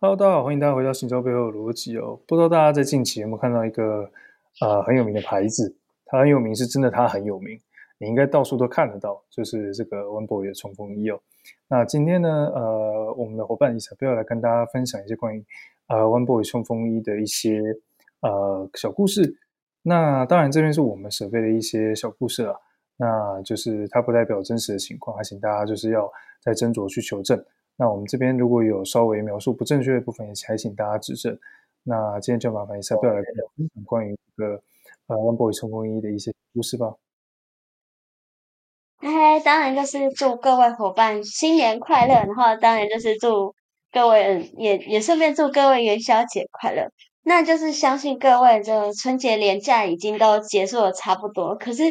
Hello，大家好，歡迎大家回到《行銷背後的邏輯》哦。不知道大家在近期有沒有看到一個呃很有名的牌子，它很有名是真的，它很有名，你應該到處都看得到，就是這個 One Boy 的衝鋒衣哦。那今天呢，呃，我們的夥伴李彩飛要來跟大家分享一些關於呃 One Boy 衝鋒衣的一些呃小故事。那當然，這邊是我們舍備的一些小故事了、啊，那就是它不代表真實的情況，還請大家就是要再斟酌去求證。那我們這邊如果有稍微描述不正確的部分，也還請大家指正。那今天就麻煩一下，不要來分享關於這個呃 ONEBOY 衝鋒衣的一些故事吧！哎、嗯這個嗯嗯嗯嗯，當然就是祝各位夥伴新年快樂，然後當然就是祝各位也也順便祝各位元宵節快樂。那就是相信各位，這春節連假已經都結束的差不多，可是。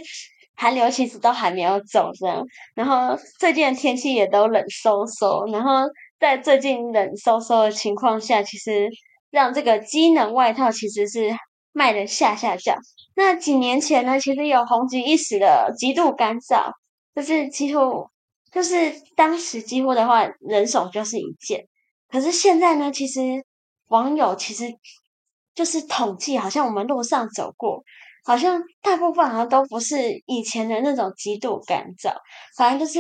寒流其實都還沒有走這樣，然後最近的天氣也都冷颼颼，然後在最近冷颼颼的情況下，其實讓這個機能外套其實是賣得下下降。那幾年前呢，其實有紅極一時的極度乾燥，就是幾乎就是當時幾乎的話，人手就是一件。可是現在呢，其實網友其實就是統計，好像我們路上走過。好像大部分好像都不是以前的那種極度乾燥，反正就是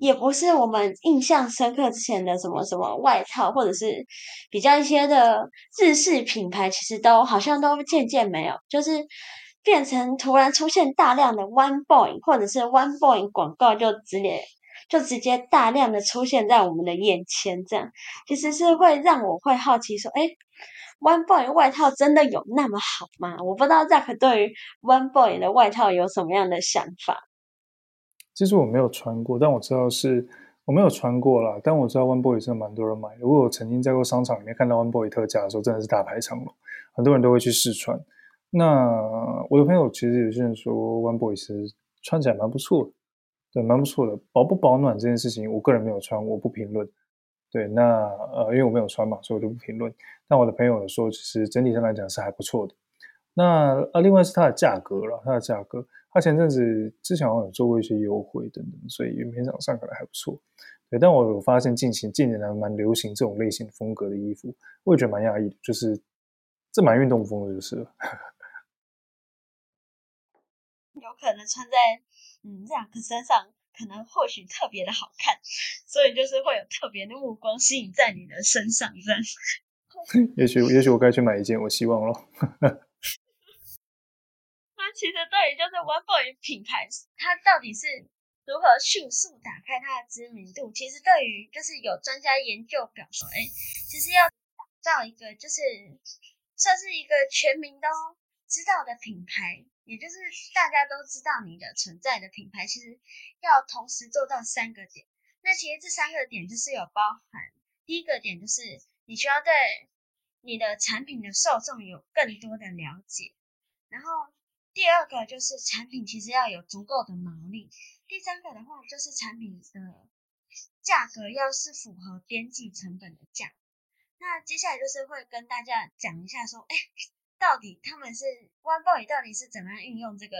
也不是我們印象深刻之前的什麼什麼外套，或者是比較一些的日式品牌，其實都好像都漸漸沒有，就是變成突然出現大量的 ONEBOY 或者是 ONEBOY 廣告，就直接就直接大量的出現在我們的眼前，這樣其實是會讓我會好奇說，誒 One Boy 外套真的有那麼好嗎？我不知道 Zack 對於 One Boy 的外套有什麼樣的想法。其實我沒有穿過，但我知道是我沒有穿過啦。但我知道 One Boy 真的蠻多人買。如果我曾經在過商場裡面看到 One Boy 特價的時候，真的是大排長龍，很多人都會去試穿。那我的朋友其實有些人說 One Boy 其實穿起來蠻不錯的，對，蠻不錯的。保不保暖這件事情，我個人沒有穿，我不評論。對，那呃，因為我沒有穿嘛，所以我就不評論。但我的朋友也說，其實整體上來講是還不錯的。那啊，另外是它的價格啦，它的價格，它前陣子之前好像有做過一些優惠等等，所以平台上可能還不錯。對，但我有發現近，近期近年來蠻流行這種類型風格的衣服，我也覺得蠻壓抑的，就是這蠻運動風的，就是了。 有可能穿在嗯兩個身上。可能或許特別的好看，所以就是會有特別的目光吸引在你的身上，這樣。也許也許我該去買一件，我希望咯。 那其實對於就是 ONEBOY 品牌，它到底是如何迅速打開它的知名度？其實對於就是有專家研究表示，誒、欸、其實要打造一個就是算是一個全民的哦。知道的品牌，也就是大家都知道你的存在的品牌，其實要同時做到三個點。那其實這三個點就是有包含，第一個點就是你需要對你的產品的受眾有更多的了解，然後第二個就是產品其實要有足夠的毛利，第三個的話就是產品的價格要是符合邊際成本的價。那接下來就是會跟大家講一下說，哎。到底他們是 One Boy 到底是怎麼樣運用這個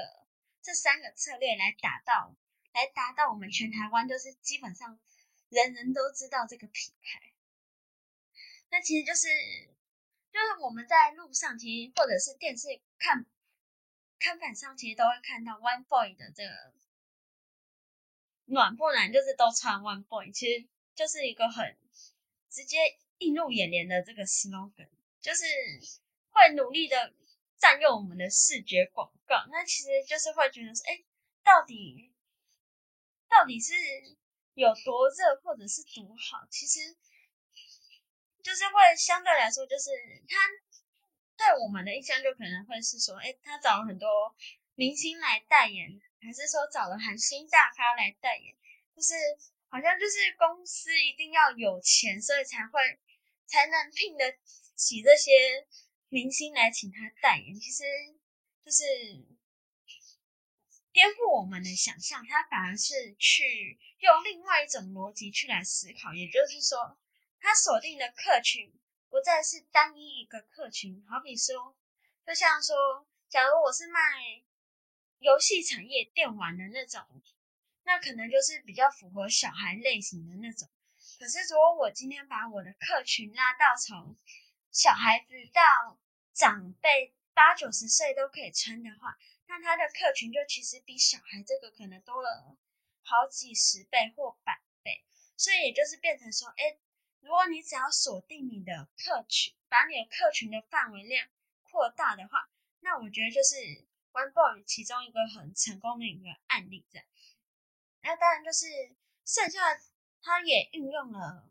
這三個策略來達到來達到我們全台灣，就是基本上人人都知道這個品牌。那其實就是就是我們在路上其實或者是電視看看板上，其實都會看到 One Boy 的這個暖不暖，就是都穿 One Boy，其實就是一個很直接映入眼簾的這個 slogan，就是。會努力的占用我們的視覺廣告，那其實就是會覺得說，哎、欸，到底到底是有多熱或者是多好？其實就是會相對來說，就是他對我們的印象就可能會是說，哎、欸，他找了很多明星來代言，還是說找了韓星大咖來代言？就是好像就是公司一定要有錢，所以才會才能聘得起這些。明星來請他代言，其實就是顛覆我們的想象。他反而是去用另外一種邏輯去來思考，也就是說，他鎖定的客群不再是單一一個客群。好比說，就像說，假如我是賣遊戲產業電玩的那種，那可能就是比較符合小孩類型的那種。可是，如果我今天把我的客群拉到從小孩子到長輩八九十歲都可以穿的話，那他的客群就其實比小孩這個可能多了好幾十倍或百倍，所以也就是變成說，哎，如果你只要鎖定你的客群，把你的客群的範圍量擴大的話，那我覺得就是 One Boy 其中一個很成功的一個案例這樣。那當然就是剩下他也運用了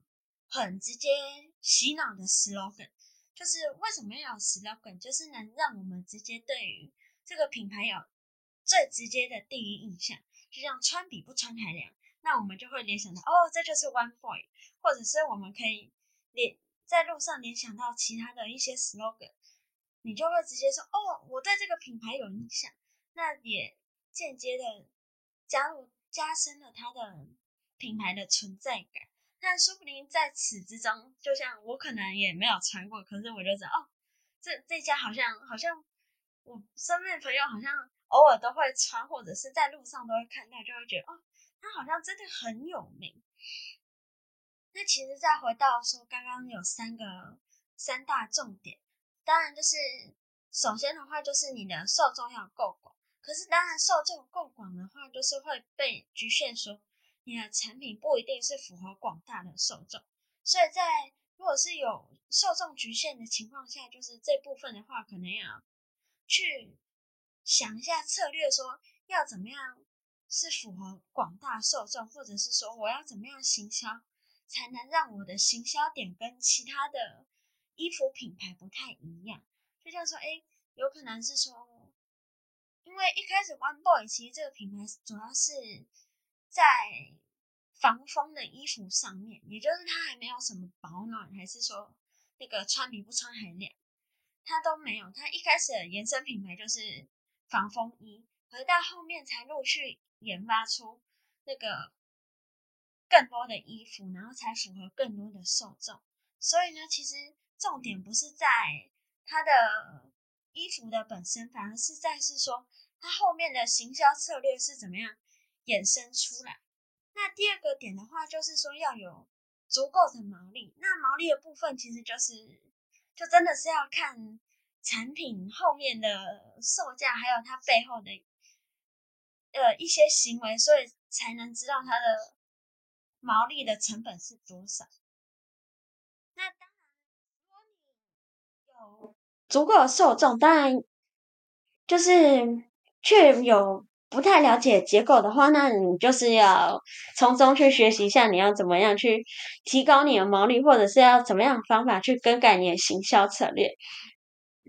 很直接洗腦的 slogan。就是為什麼要有 slogan，就是能讓我們直接對於這個品牌有最直接的第一印象。就像穿比不穿還涼，那我們就會聯想到哦，這就是 One Boy，或者是我們可以聯在路上聯想到其他的一些 slogan，你就會直接說哦，我對這個品牌有印象，那也間接的加入加深了它的品牌的存在感。但說不定在此之中，就像我可能也沒有穿過，可是我就知道，哦，這這家好像好像我身邊的朋友好像偶爾都會穿，或者是在路上都會看到，就會覺得哦，他好像真的很有名。那其實再回到說，剛剛有三個三大重點，當然就是首先的話，就是你的受眾要夠廣。可是當然，受眾夠廣的話，就是會被局限說。你的產品不一定是符合廣大的受眾，所以在如果是有受眾局限的情況下，就是這部分的話，可能要去想一下策略，說要怎麼樣是符合廣大受眾，或者是說我要怎麼樣行銷，才能讓我的行銷點跟其他的衣服品牌不太一樣。就像說，哎、欸，有可能是說，因為一開始 ONEBOY 其實這個品牌主要是在。防風的衣服上面，也就是它還沒有什麼保暖，還是說那個穿比不穿還涼，它都沒有。它一開始的延伸品牌就是防風衣，回到後面才陸續研發出那個更多的衣服，然後才符合更多的受眾。所以呢，其實重點不是在它的衣服的本身，反而是在是說它後面的行銷策略是怎麼樣衍生出來。那第二個點的話，就是說要有足夠的毛利。那毛利的部分，其實就是就真的是要看產品後面的售價，還有它背後的呃一些行為，所以才能知道它的毛利的成本是多少。那當然，如果你有足夠的受眾，當然就是卻有。不太了解結構的話，那你就是要從中去學習一下，你要怎麼樣去提高你的毛利，或者是要怎麼樣方法去更改你的行銷策略。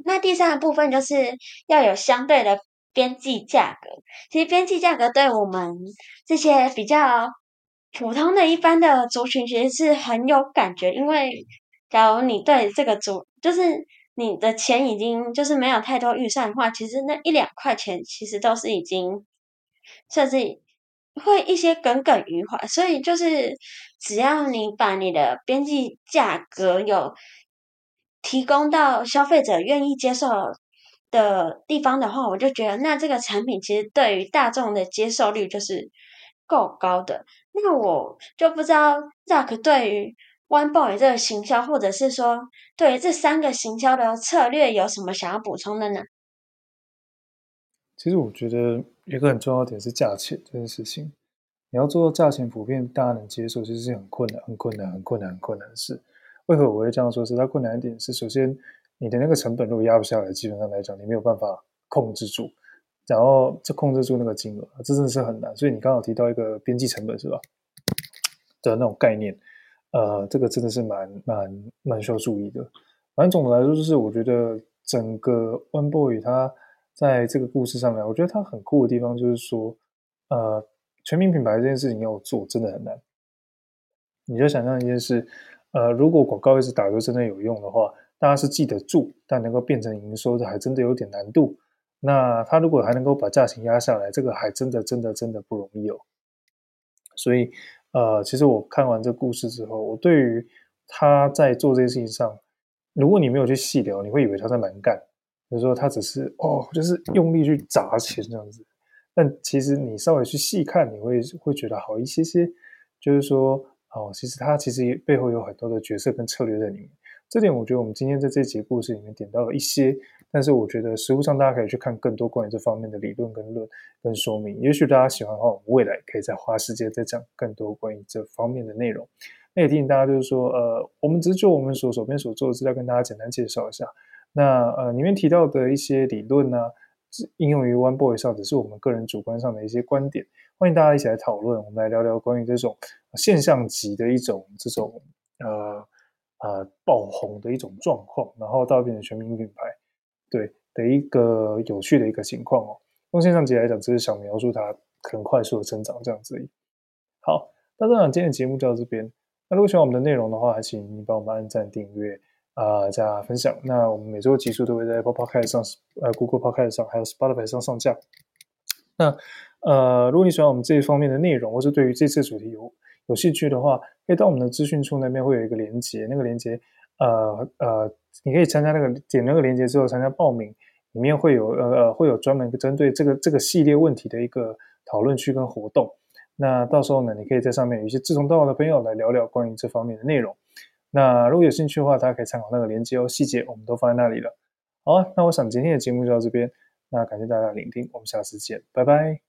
那第三個部分就是要有相對的邊際價格。其實邊際價格對我們這些比較普通的一般的族群，其實是很有感覺。因為假如你對這個族就是你的錢已經就是沒有太多預算的話，其實那一兩塊錢其實都是已經。甚至會一些耿耿於懷，所以就是只要你把你的邊際價格有提供到消費者願意接受的地方的話，我就覺得那這個產品其實對於大眾的接受率就是夠高的。那我就不知道 Rock 對於 One Boy 這個行銷，或者是說對於這三個行銷的策略有什麼想要補充的呢？其實我覺得。一個很重要的點是價錢這件事情，你要做到價錢普遍大家能接受，其實是很困難、很困難、很困難、很困難的事。為何我會這樣說？是它困難一點是，首先你的那個成本如果壓不下來，基本上來講，你沒有辦法控制住，然後就控制住那個金額，這真的是很難。所以你剛好提到一個邊際成本是吧，的那種概念，呃，這個真的是蠻蠻蠻，蠻需要注意的。反正總的來說，就是我覺得整個 ONEBOY 它。在這個故事上面，我覺得他很酷的地方就是說，呃，全民品牌這件事情要做真的很難。你就想象一件事，呃，如果廣告一直打，就真的有用的話，大家是記得住，但能夠變成營收的，還真的有點難度。那他如果還能夠把價錢壓下來，這個還真的真的真的不容易哦。所以，呃，其實我看完這故事之後，我對於他在做這件事情上，如果你沒有去細聊，你會以為他在蠻幹。就是說，他只是哦，就是用力去砸錢這樣子。但其實你稍微去細看，你會會覺得好一些些。就是說，哦，其實他其實也背後有很多的角色跟策略在裡面。這點我覺得我們今天在這集故事裡面點到了一些，但是我覺得實務上大家可以去看更多關於這方面的理論跟論跟說明。也許大家喜歡的話，未來可以再花時間再講更多關於這方面的內容。那也提醒大家，就是說，呃，我們只是就我們所手邊所做的資料跟大家簡單介紹一下。那呃，裡面提到的一些理論呢、啊，應用於 One Boy 上,只是我們個人主觀上的一些觀點，歡迎大家一起來討論。我們來聊聊關於這種現象級的一種這種呃呃爆紅的一種狀況，然後到變成全民品牌，對的一個有趣的一個情況哦。用現象級來講，只是想描述它可能快速的成長這樣子。好，那這樣今天的節目就到這邊。那如果喜歡我們的內容的話，還請你幫我們按讚訂閱。啊、呃，加分享。那我們每周的集數都會在 Apple Podcast 上、呃，Google Podcast 上，還有 Spotify 上上架。那呃，如果你喜歡我們這一方面的內容，或是對於這次主題有有興趣的話，可以到我們的資訊處那邊會有一個連結。那個連結，呃呃，你可以參加，那個點那個連結之後參加報名，裡面會有呃呃會有專門針對這個這個系列問題的一個討論區跟活動。那到時候呢，你可以在上面有一些志同道合的朋友來聊聊關於這方面的內容。那如果有興趣的話，大家可以參考那個鏈接哦，細節我們都放在那裡了。好啊，那我想今天的節目就到這邊，那感謝大家的聆聽，我們下次見，拜拜。